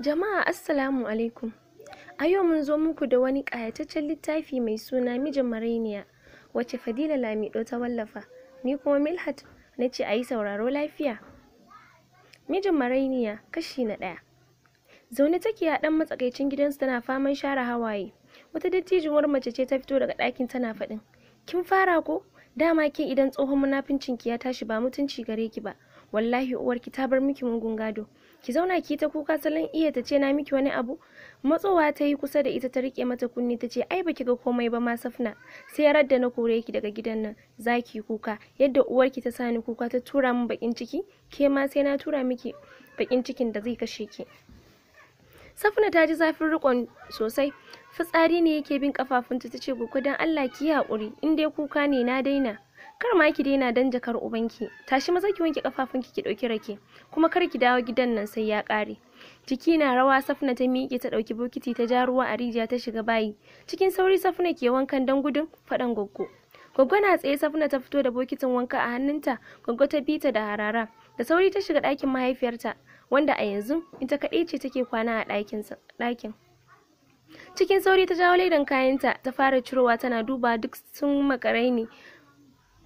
Jama'a Assalamu alaikum. A yau mun zo muku da wani ƙayataccen littafi mai suna mijin marainiya wacce Fadila Lamido ta wallafa. Ni kuma Milhat na ce a yi sauraro lafiya. Mijin marainiya kashi na ɗaya. Zaune take a ɗan matsakaicin gidansu tana faman share hawaye. Wata dattijuwar mace ce ta fito daga ɗakin tana faɗin. Kin fara ko? Dama ke idan tsohon munafincin ki ya tashi ba mutunci gare ki ba. Wallahi uwarki ta bar miki mugun gado. ki zauna ki ta kuka salon iya ta ce na miki wani abu matsowa ta yi kusa da ita ta rike mata kunni ta ce ai baki ga komai ba ma safna sai ya radda na kore ki daga gidan nan zaki kuka yadda uwar ki ta sani kuka ta tura min bakin ciki ke ma sai na tura miki bakin cikin da zai kashe ki safna ta ji zafin rikon sosai fitsari ne yake bin kafafunta ta ce gogo dan Allah ki haƙuri in dai kuka ne na daina kar ma ki daina dan jakar ubanki tashi maza ki wanke kafafunki ki dauki rake kuma kar ki dawo gidan nan sai ya kare jiki na rawa safna ta miƙe ta dauki bokiti ta ja ruwa a rijiya ta shiga bayi cikin sauri safna ke wankan dan gudun fadan goggo Goggo na tsaye Safna ta fito da bokitin wanka a hannunta, Goggo ta bi da harara. Da sauri ta shiga ɗakin mahaifiyarta, wanda a yanzu ita kaɗai ce take kwana a ɗakin. Cikin sauri ta jawo laidan kayanta ta fara cirowa tana duba duk sun makarai ne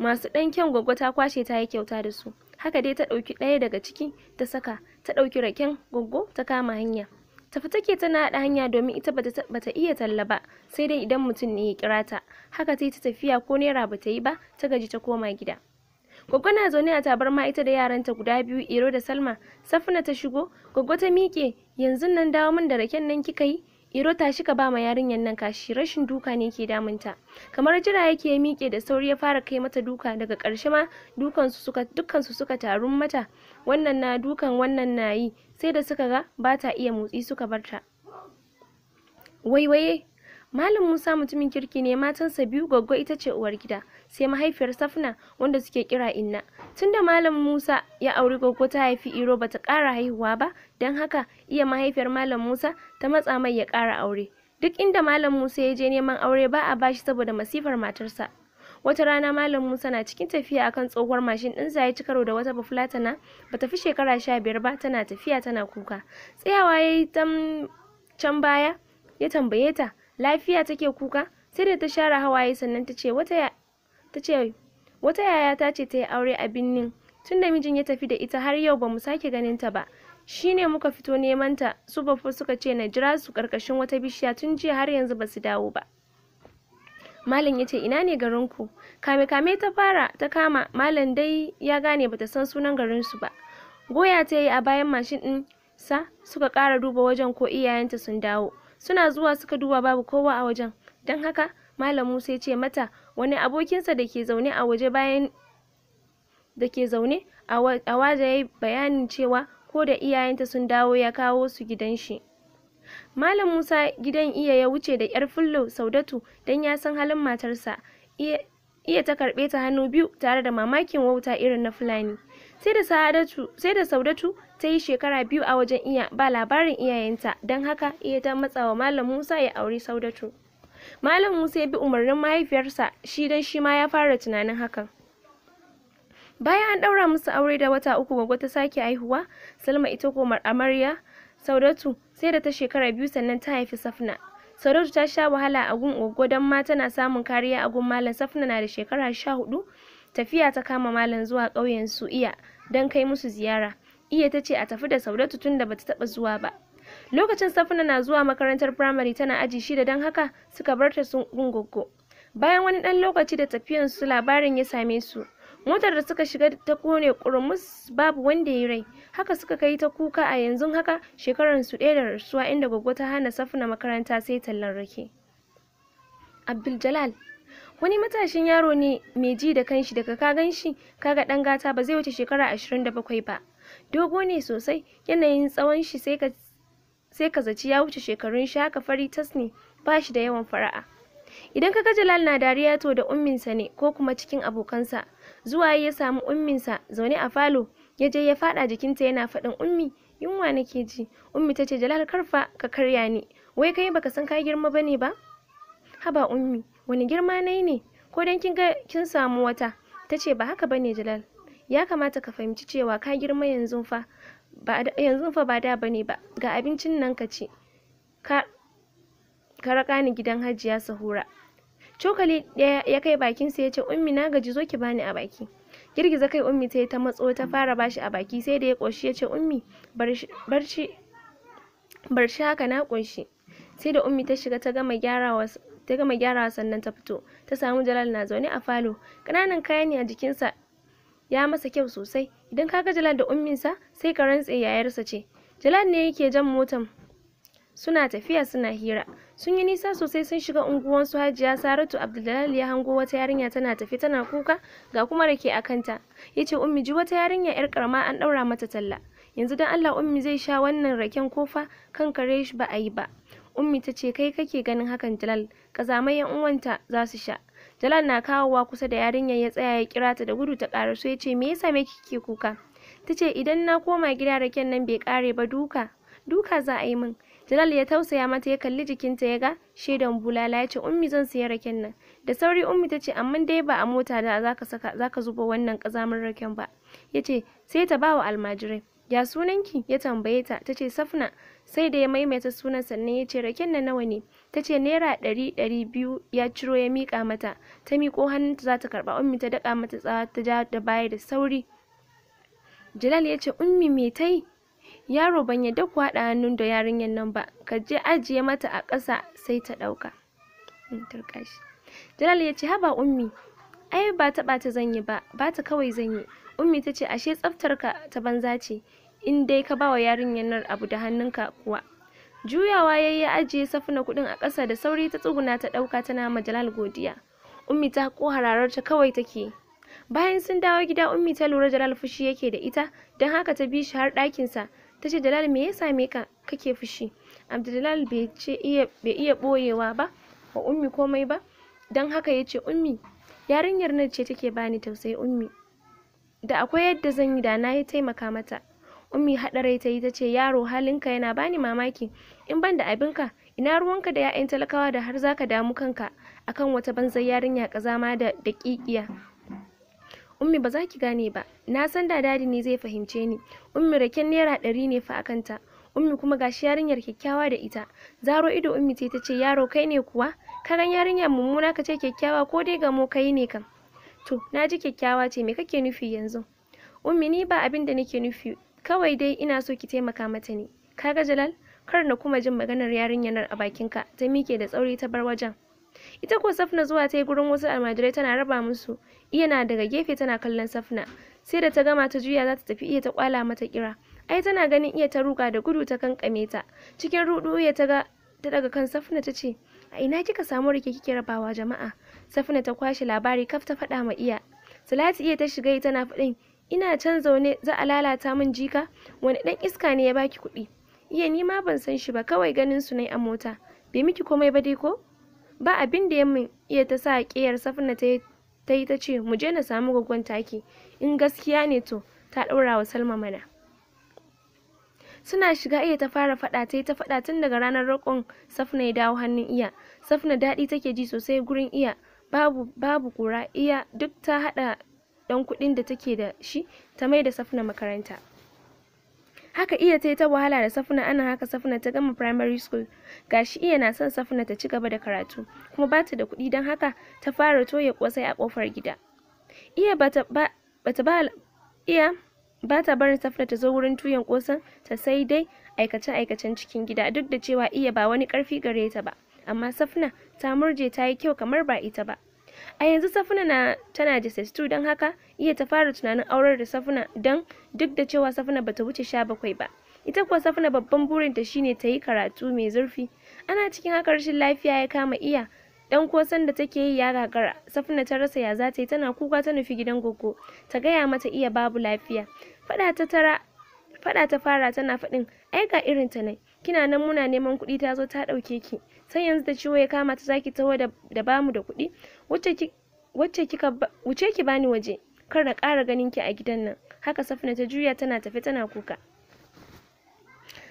masu ɗan kyan gwaggo ta kwashe ta yi kyauta da su haka dai ta ɗauki ɗaya daga ciki ta saka ta ɗauki raken gwaggo ta kama hanya tafi take tana haɗa hanya domin ita bata, ta iya talla ba sai dai idan mutum ne ya kira ta haka ta yi ta tafiya ko naira ta yi ba ta gaji ta koma gida Gwaggo na zaune a tabarma ita da yaranta guda biyu Iro da Salma. Safina ta shigo, Gwaggo ta miƙe, yanzu nan dawo min da raken nan kika yi, Iro tashi ka ba ma yarinyar nan kashi rashin duka ne ke damunta. Kamar jira yake miƙe da sauri ya fara kai mata duka daga ƙarshe ma dukan suka dukkan suka tarun mata. Wannan na dukan wannan na yi sai da suka ga ba ta iya motsi suka bar ta. Waiwaye Malam Musa mutumin kirki ne matansa biyu goggo ita ce uwar gida sai mahaifiyar Safna wanda suke kira Inna. Tunda Malam Musa ya auri goggo ta haifi Iro bata ƙara haihuwa ba don haka iya mahaifiyar Malam Musa ta matsa mai ya ƙara aure duk inda malam Musa ya je neman aure ba a bashi saboda masifar matarsa wata rana malam Musa na cikin tafiya akan tsohuwar mashin din ya ci karo da wata bafulatana ta fi shekara sha biyar ba tana tafiya tana kuka tsayawa ya yi ta can baya ya tambaye ta lafiya take kuka sai da ta share hawaye sannan ta ce wata ta ce wata yaya ta ce ta yi aure a binnin tunda mijin ya tafi da ita har yau ba mu sake ganin ta ba shi ne muka fito neman ta su bafo suka ce na jira su karkashin wata bishiya tun jiya har yanzu ba su dawo ba malam ya ce ina ne garin ku kame kame ta fara ta kama malam dai ya gane bata san sunan garin su ba goya ta yi a bayan mashin din sa suka kara duba wajen ko iyayenta sun dawo suna zuwa suka duba babu kowa a wajen don haka malam musa ya ce mata wani abokinsa da ke zaune a waje bayan da ke zaune a waje bayanin cewa ko da iyayenta sun dawo ya kawo su gidan shi malam musa gidan iya ya wuce da yar fullo saudatu don ya san halin matarsa iya ta karɓe ta hannu biyu tare da mamakin wauta irin na fulani sai da sai da saudatu ta yi shekara biyu a wajen iya ba labarin iyayenta don haka iya ta matsa wa malam musa ya auri saudatu malam musa ya bi umarnin mahaifiyarsa shi don shi ma ya fara tunanin hakan bayan an ɗaura musu aure da wata uku gwaggo ta sake haihuwa salma ita ko amarya saudatu sai da ta shekara biyu sannan ta haifi safna saudatu ta sha wahala a gun gwaggo don ma tana samun kariya a gun malam safna na da shekara sha hudu tafiya ta kama malam zuwa ƙauyen su iya don kai musu ziyara iya ta ce a tafi da saudatu tun da bata taɓa zuwa ba lokacin safna na zuwa makarantar firamare tana aji shida don haka suka bar ta sun gungogo bayan wani ɗan lokaci da tafiyan su labarin ya same su motar da suka shiga ta kone kurmus babu wanda ya rai haka suka kai ta kuka a yanzu haka shekaran su ɗaya da rasuwa inda gwaggo ta hana safuna makaranta sai tallan rake abdul jalal wani matashin yaro ne mai ji da kanshi daga ka gan shi kaga dan gata ba zai wuce shekara da 27 ba dogo ne sosai yanayin tsawon shi sai ka sai ka zaci ya wuce shekarun shi haka fari tas ne ba shi da yawan fara'a idan kaga jalal na dariya to da umminsa ne ko kuma cikin abokansa zuwa ya samu umminsa zaune a falo ya je ya fada jikinta yana faɗin ummi yunwa nake ji ummi ta ce jalal karfa ka karya ni wai kai baka san ka girma bane ba haba ummi wani girma nayi ne ko dan kin ga kin samu wata ta ce ba haka bane jalal ya kamata ka fahimci cewa ka girma yanzu fa ba yanzu fa ba da bane ba ga abincin nan ka ci ka ka raka ni gidan hajiya sahura cokali ɗaya ya kai bakinsa ya ce ummi na gaji zo ki bani a baki girgiza kai ummi ta ta matso ta fara bashi a baki sai da ya ƙoshi ya ce ummi barci barci haka na ƙunshi sai da ummi ta shiga ta gama gyarawa ta gama gyarawa sannan ta fito ta samu jalal na zaune a falo ƙananan kaya ne a jikinsa ya masa kyau sosai idan kaga jalal da umminsa sai ka rantse yayarsa ce jalal ne yake jan motan suna tafiya suna hira sun yi nisa sosai sun shiga unguwan su hajiya saratu abdullahi ya hango wata yarinya tana tafi tana kuka ga kuma rake a kanta ya ce ummi ji wata yarinya yar karama an daura mata talla yanzu dan allah ummi zai sha wannan raken kofa kan kare shi ba a yi ba ummi ta ce kai kake ganin hakan jalal kazamai yan uwanta za su sha jalal na kawowa kusa da yarinya ya tsaya ya kira ta da gudu ta karaso ya ce me yasa me kike kuka ta ce idan na koma gida raken nan bai kare ba duka duka za a yi min Jalal ya tausaya mata ya kalli jikinta ya ga shaidan bulala ya ce ummi zan siya raken nan. Da sauri ummi ta ce amma dai ba a mota da zaka saka zaka zuba wannan kazamin raken ba. Ya ce sai ta bawa almajirai. Ya sunanki ya tambaye ta ta ce Safna sai da ya maimaita sunan sannan ya ce raken nan nawa ne. Ta ce naira ɗari ɗari biyu ya ciro ya miƙa mata ta miƙo hannunta za ta karɓa ummi ta daƙa mata tsawa ta ja da baya da sauri. Jalal ya ce ummi me tai yaro ban yadda ku haɗa hannun da yarinyar nan ba ka je ajiye mata a ƙasa sai ta ɗauka hmm, jalal ya ce haba ummi ai ba ta ɓata zan yi ba ba ta kawai zan ummi ta ce ashe tsaftarka ta banza ce in dai ka bawa yarinyar nan abu da hannunka kuwa juyawa ya yi ajiye safuna kuɗin a ƙasa da sauri ta tsuguna ta ɗauka tana ma jalal godiya ummi ta ko hararta kawai take bayan sun dawo gida ummi ta lura jalal fushi yake da ita don haka ta bi shi har ɗakinsa ta ce jalal me ya same ka kake fushi abdullal bai bai iya boyewa ba wa ummi komai ba don haka ya ce ummi yarinyar nan ce take bani tausayi ummi da akwai yadda zan yi da na yi taimaka mata ummi haɗarai ta yi ta ce yaro halinka yana bani mamaki in ban da abinka ina ruwanka da 'ya'yan talakawa da har zaka damu kanka akan wata banzar yarinya kazama da daƙiƙiya ummi ba za ki gane ba na san da dadi ne zai fahimce ni ummi raken naira ɗari ne fa akanta ummi kuma ga shi yarinyar kyakkyawa da ita zaro ido ummi ce ta ce yaro kai ne kuwa karan yarinyar mummuna ka ce kyakkyawa ko dai gamo kai ne kan to na ji kyakkyawa ce me kake nufi yanzu ummi ni ba abin da nake nufi kawai dai ina so ki taimaka mata ne kaga jalal kar na kuma jin maganar yarinyar a bakinka ta mike da tsauri ta bar wajen ita ko safna zuwa ta yi gurin wasu almajirai tana raba musu iya na daga gefe tana kallon safna sai da ta gama ta juya za ta tafi iya ta kwala mata kira ai tana ganin iya ta ruga da gudu ta kankame ta cikin rudu iya ta ga ta daga kan safna ta ce a ina kika samu rike kike rabawa jama'a safna ta kwashe labari kaf ta faɗa ma iya salati iya ta shiga tana faɗin ina can zaune za a lalata min jika wani dan iska ne ya baki kuɗi iya ni ma ban san shi ba kawai ganin su ne a mota bai miki komai ba dai ko ba abin da ya mun iya ta sa ƙiyar safina ta yi ta ce mu je na samu gwaggon taki in gaskiya ne to ta ɗaura wa salma mana suna shiga iya ta fara faɗa ta yi ta faɗa tun daga ranar roƙon safina ya dawo hannun iya safina daɗi take ji sosai gurin iya babu babu iya duk ta haɗa ɗan kuɗin da take da shi ta mai da safina makaranta haka iya ta yi ta wahala da safuna ana haka safuna ta gama primary school shi iya na son safuna ta ci gaba da karatu kuma ba ta da kuɗi don haka ta fara toya kosai a kofar gida iya bata ba ba ta barin safuna ta zo wurin tuyan kosan ta sai dai aikace aikacen cikin gida duk da cewa iya ba wani karfi gare ta ba amma safuna ta murje ta yi kyau kamar ba ita ba a yanzu safuna na tana da 2 don haka iya ta fara tunanin aurar da safuna don duk da cewa safuna bata wuce sha bakwai ba ita kuwa safuna babban burinta shine ta yi karatu mai zurfi ana cikin haka rashin lafiya ya kama iya dan kosan da take yi ya gagara safuna ta rasa ya za yi tana kuka ta nufi gidan gogo ta gaya mata iya babu lafiya fada ta tara fada ta fara tana faɗin aika irin ta nan kina nan muna neman kuɗi ta zo ta ɗauke ki sai yanzu da ciwo ya kama ta zaki taho da bamu da kuɗi wacce kika wuce ki bani waje kar na ƙara ganin ki a gidan nan haka safina ta juya tana tafe tana kuka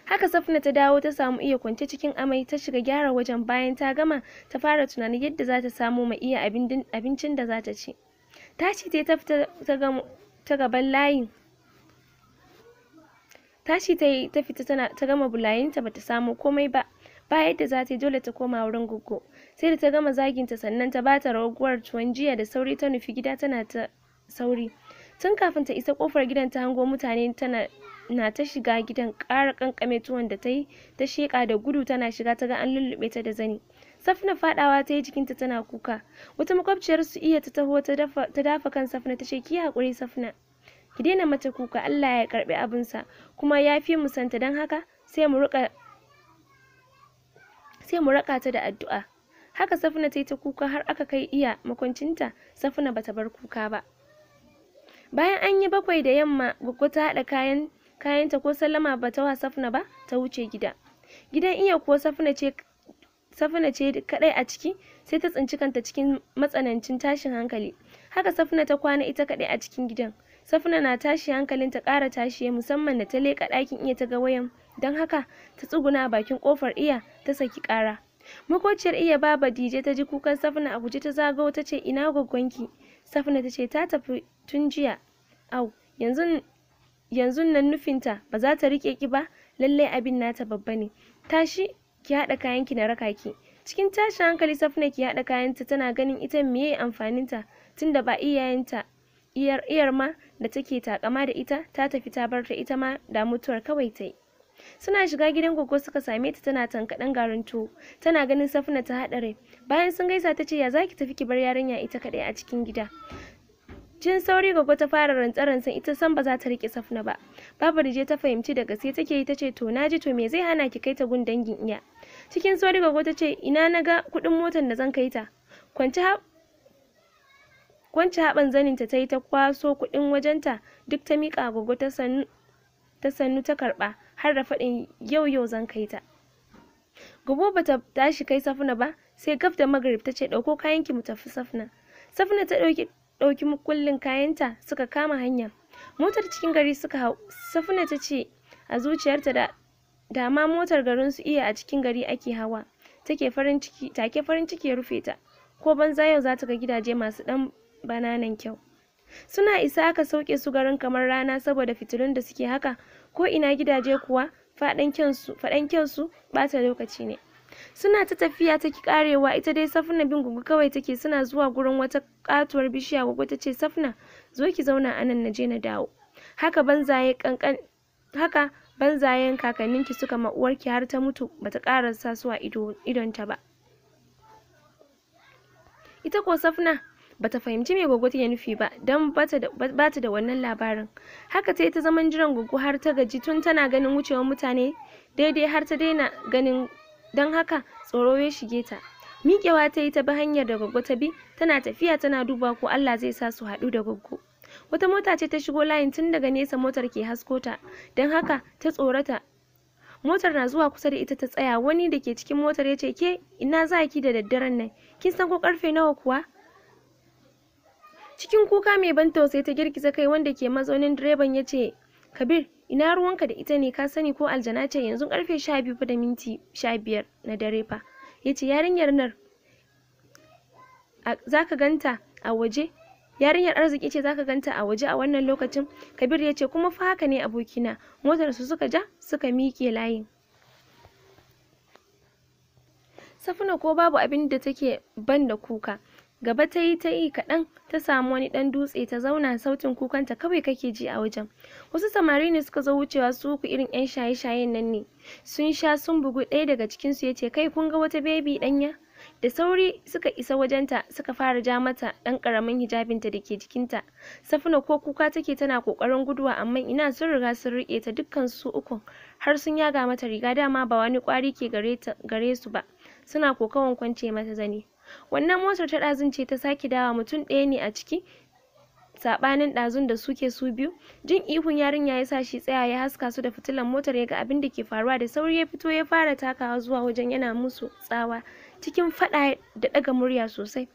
haka safina ta dawo ta samu iya kwance cikin amai ta shiga gyara wajen bayan ta gama ta fara tunanin yadda za ta samu ma iya abincin da za ta ci tashi ta fita ta gaban layin tashi ta ta fita ta gama bulayinta bata samu komai ba ba yadda za ta yi dole ta koma wurin goggo sai da ta gama zaginta sannan ta bata raguwar tuwon jiya da sauri ta nufi gida tana ta sauri tun kafin ta isa kofar gidan ta hango mutane tana na ta shiga gidan ƙara kankame tuwon da ta yi ta sheƙa da gudu tana shiga ta ga an lullube ta da zani safna fadawa ta yi jikinta tana kuka wata makwabciyar su iya ta taho ta dafa kan safna ta ce ki haƙuri safna ki daina mata kuka Allah ya karbi abinsa kuma ya fi mu santa don haka sai mu rika sai mu raka ta da addu'a haka safina ta yi ta kuka har aka kai iya makwancinta safina bata bar kuka ba bayan an yi bakwai da yamma gugu ta haɗa kayan kayanta ko sallama bata wa safina ba ta wuce gida gidan iya kuwa safina ce safina ce kadai a ciki sai ta tsinci kanta cikin matsanancin tashin hankali haka safina ta kwana ita kadai a cikin gidan Safna na tashi hankalin ta kara tashi musamman da ta leka ɗakin iya ta ga wayan don haka ta tsuguna a bakin kofar iya ta saki kara Makociyar iya baba Dije ta ji kukan Safna a guje ta zago ta ce ina gwaggwanki. safina ta ce ta tafi tun jiya. Au, yanzu yanzu nan nufinta ba za ta rike ki ba lallai abin nata babba ne. Tashi ki haɗa kayanki na raka ki. Cikin tashin hankali Safna ki haɗa kayanta tana ganin ita meye amfaninta tunda ba iyayenta iyar iyar ma da take takama da ita ta tafi ta bar ta ita ma da mutuwar kawai ta yi suna shiga gidan gogo suka same ta tana tankaɗen garin tuwo tana ganin safuna ta haɗa bayan sun gaisa ta ce ya zaki tafi ki bar yarinya ita kaɗai a cikin gida jin sauri gogo ta fara rantsa-rantsan ita san ba za ta rike safuna ba babu rije ta fahimci daga sai take yi tace to naji to me zai hana ki kai ta gun dangin iya cikin sauri gogo ta ce ina na ga kuɗin motar da zan kai ta kwanci kwanci haɓan zaninta ta yi ta kwaso kuɗin wajenta duk ta miƙa agogo ta sannu ta karɓa har da faɗin yau yau zan kai ta gobe bata tashi kai safna ba sai gaf da magrib ta ce ɗauko kayanki mu tafi safuna safuna ta ɗauki ɗauki kayanta suka kama hanya motar cikin gari suka hau ta ce a zuciyarta da dama motar garin su iya a cikin gari ake hawa take farin ciki take farin ciki ya rufe ta ko banza yau za ta ga gidaje masu ɗan bananan kyau suna isa aka sauke su garin kamar rana saboda fitilun da suke haka ko ina gidaje kuwa faɗan kyansu su bata lokaci ne suna ta tafiya ta ki karewa ita dai safna bin gugu kawai take suna zuwa gurin wata katuwar bishiya gugu ta ce safna zo ki zauna a nan na je na dawo haka banzaye kankan haka banzayen kakanninki suka ma uwarki har ta mutu bata ƙara sa suwa idonta ba ita ko safna bata fahimci me gogo ya nufi ba don bata da wannan labarin haka ta yi ta zaman jiran gogo har ta gaji tun tana ganin wucewar mutane daidai har ta daina ganin don haka tsoro ya shige ta miƙewa ta yi ta bi hanyar da gogo ta bi tana tafiya tana duba ko Allah zai sa su haɗu da gogo wata mota ce ta shigo layin tun daga nesa motar ke hasko ta don haka ta tsorata motar na zuwa kusa da ita ta tsaya wani da ke cikin motar ya ce ke ina za ki da daddaren nan kin san ko karfe nawa kuwa cikin kuka mai ban tausayi ta girgiza kai wanda ke mazaunin direban ya ce kabir ina ruwanka da ita ne ka sani ko aljana ce yanzu karfe sha biyu da minti sha biyar na dare fa ya ce yarinyar nan za ka ganta a waje yarinyar arziki ce ka ganta a waje a wannan lokacin kabir ya ce kuma fa haka ne abokina motar su suka ja suka miƙe layin safuna ko babu abin da take ban da kuka Gaba ta yi ta yi kaɗan ta samu wani ɗan dutse ta zauna sautin kukanta kawai kake ji a wajen. Wasu samari ne suka zo wucewa su uku irin 'yan shaye-shayen nan ne. Sun sha sun bugu ɗaya daga cikinsu ya ce kai kun ga wata bebi ɗanya? Da sauri suka isa wajenta suka fara ja mata ɗan ƙaramin hijabinta da ke jikinta. Safina ko kuka take tana ƙoƙarin guduwa amma ina sun riga sun riƙe ta dukkan su ukun har sun yaga mata riga dama ba wani ƙwari ke gare su ba. Suna kokawan kwance mata zane. wannan motar ta ɗazun ce ta sake dawa mutum ɗaya ne a ciki sabanin ɗazun da suke su biyu jin ihun yarinya ya sa shi tsaya ya haska su da fitilan motar ya ga abin da ke faruwa da sauri ya fito ya fara takawa zuwa wajen yana musu tsawa cikin faɗa da ɗaga murya sosai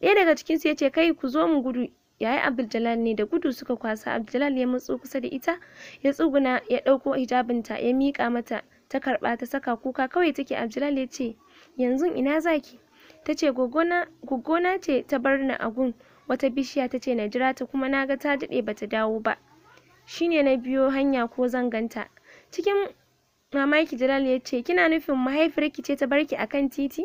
ɗaya daga cikinsu ya ce kai ku zo mu gudu yayi abduljalal ne da gudu suka kwasa Abdul ya matso kusa da ita ya tsuguna ya ɗauko hijabinta ya miƙa mata ta karɓa ta saka kuka kawai take Abdul ya ce yanzu ina zaki ta ce gogona ce ta bar ni a gun wata bishiya ta ce na jira ta kuma na ga ta daɗe bata dawo ba shi ne na biyo hanya ko zanganta cikin mamaki Jalal ya ce kina nufin mahaifiyarki ce ta bar barki akan titi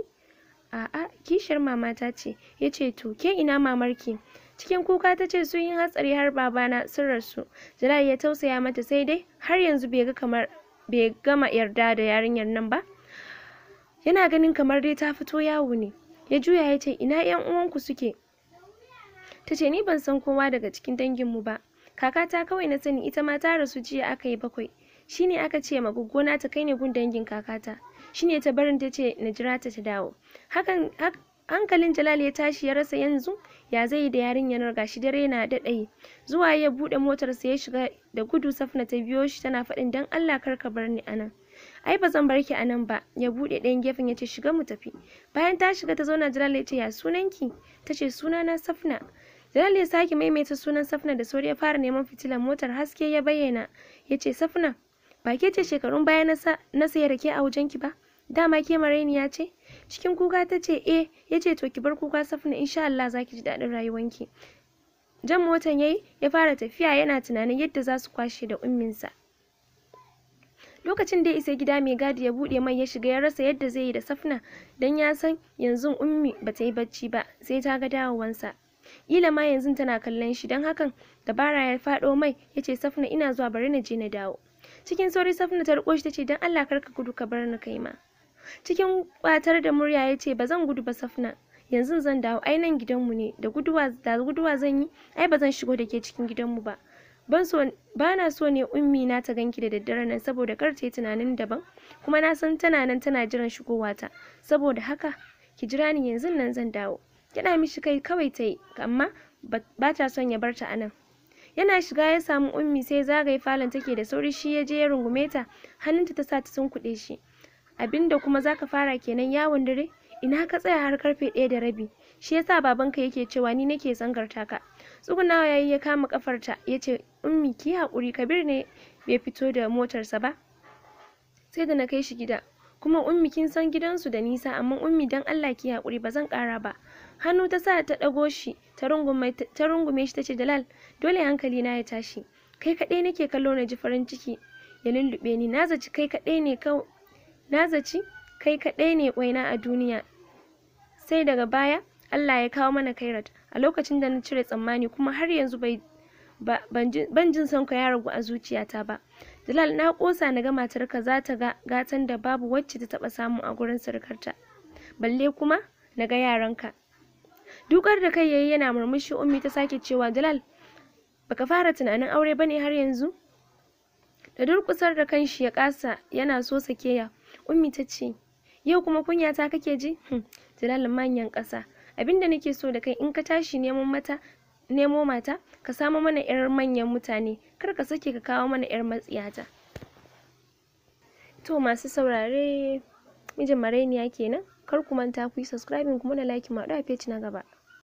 a'a kishiyar mamata ce ya ce to ke ina mamarki cikin kuka ta ce sun yi hatsari har babana sun rasu Jalal ya tausaya mata sai dai har yanzu bai ga kamar bai gama yarda da yarinyar nan ba yana ganin kamar dai ta fito yawo ne ya juya ya ce ina yan uwanku suke ta ce ni ban san kowa daga cikin danginmu ba kakata kawai na sani ita ma ta rasu jiya aka yi bakwai shine aka ce ma gwaggona ta kai ni gun dangin kakata shine ta barin ta ce na jira ta ta dawo hankalin jalal ya tashi ya rasa yanzu ya zai yi da yarinyar gashi dare na daɗai zuwa ya buɗe motarsa ya shiga da gudu safna ta biyo shi tana faɗin don allah kar ka bar ni anan ai ba zan bar ki a nan ba ya buɗe ɗayan gefen ya ce shiga mu tafi bayan ta shiga ta zauna jalal ya ce ya sunanki ta ce sunana safna jalal ya sake maimaita sunan safna da sauri ya fara neman fitilan motar haske ya bayyana ya ce safna ba ke ce shekarun baya na sayar rake a wajen ki ba dama ke ya ce cikin kuka ta ce eh ya ce to ki bar kuka safna insha Allah za ki ji daɗin rayuwanki jan motan yayi ya fara tafiya yana tunanin yadda za su kwashe da umminsa lokacin da ya isa gida mai gadi ya bude mai ya shiga ya rasa yadda zai yi da safna dan ya san yanzu ummi ba ta yi bacci ba sai ta ga dawowansa ila ma yanzu tana kallon shi don hakan dabara ya fado mai ya ce safna ina zuwa bari na je na dawo cikin sauri safna ta riko shi ta ce don allah kar ka gudu ka bar ni kai ma cikin kwatar da murya ya ce ba zan gudu ba safna yanzu zan dawo ai nan gidanmu ne da guduwa da guduwa zan yi ai ba zan shigo da ke cikin gidanmu ba bana so ne ummi na ta ganki da daddare nan saboda kar ta yi tunanin daban kuma na san tana nan tana jiran shigowa ta saboda haka ki jira ni yanzu nan zan dawo kina mishi kai kawai ta yi amma ba ta son ya barta anan yana shiga ya samu ummi sai zagaye falon take da sauri shi ya je ya rungume ta hannunta ta sa ta sun kuɗe shi abinda kuma zaka fara kenan yawon dare ina ka tsaya har karfe ɗaya da rabi shi yasa babanka yake cewa ni nake zangarta ka tsugunawa yayi ya kama kafarta ce ummi ki hakuri kabir ne bai fito da motarsa ba sai da na kai shi gida kuma ummi kin san gidansu da nisa amma ummi dan Allah ki hakuri ba zan kara ba hannu ta sa ta dago shi ta rungume shi tace dalal dole hankali na ya tashi kai kaɗai nake kallo na ji farin ciki ya lullube ni na zaci kai kaɗai ne na zaci kai kaɗai ne kwaina a duniya sai daga baya Allah ya kawo mana kairat a lokacin da na cire tsammani kuma har yanzu bai ban jin sanka ya ragu a zuciyata ba Jalal na kosa na ga matarka za ta ga gatan da babu wacce ta taba samu a gurin surukarta balle kuma na ga yaranka dukar da kai yayi yana murmushi ummi ta sake cewa Jalal baka fara tunanin aure bane har yanzu da durkusar da kan shi ya kasa yana so sakeya ummi ta ce yau kuma kunya ta kake ji hm, dalal manyan kasa abinda nake so da kai in ka tashi neman mata nemo mata ka samo mana yar manyan mutane kar ka sake ka kawo mana yar matsiyata to masu saurare mijin marainiya kenan kar ku manta ku yi subscribing kuma da like ma a page na gaba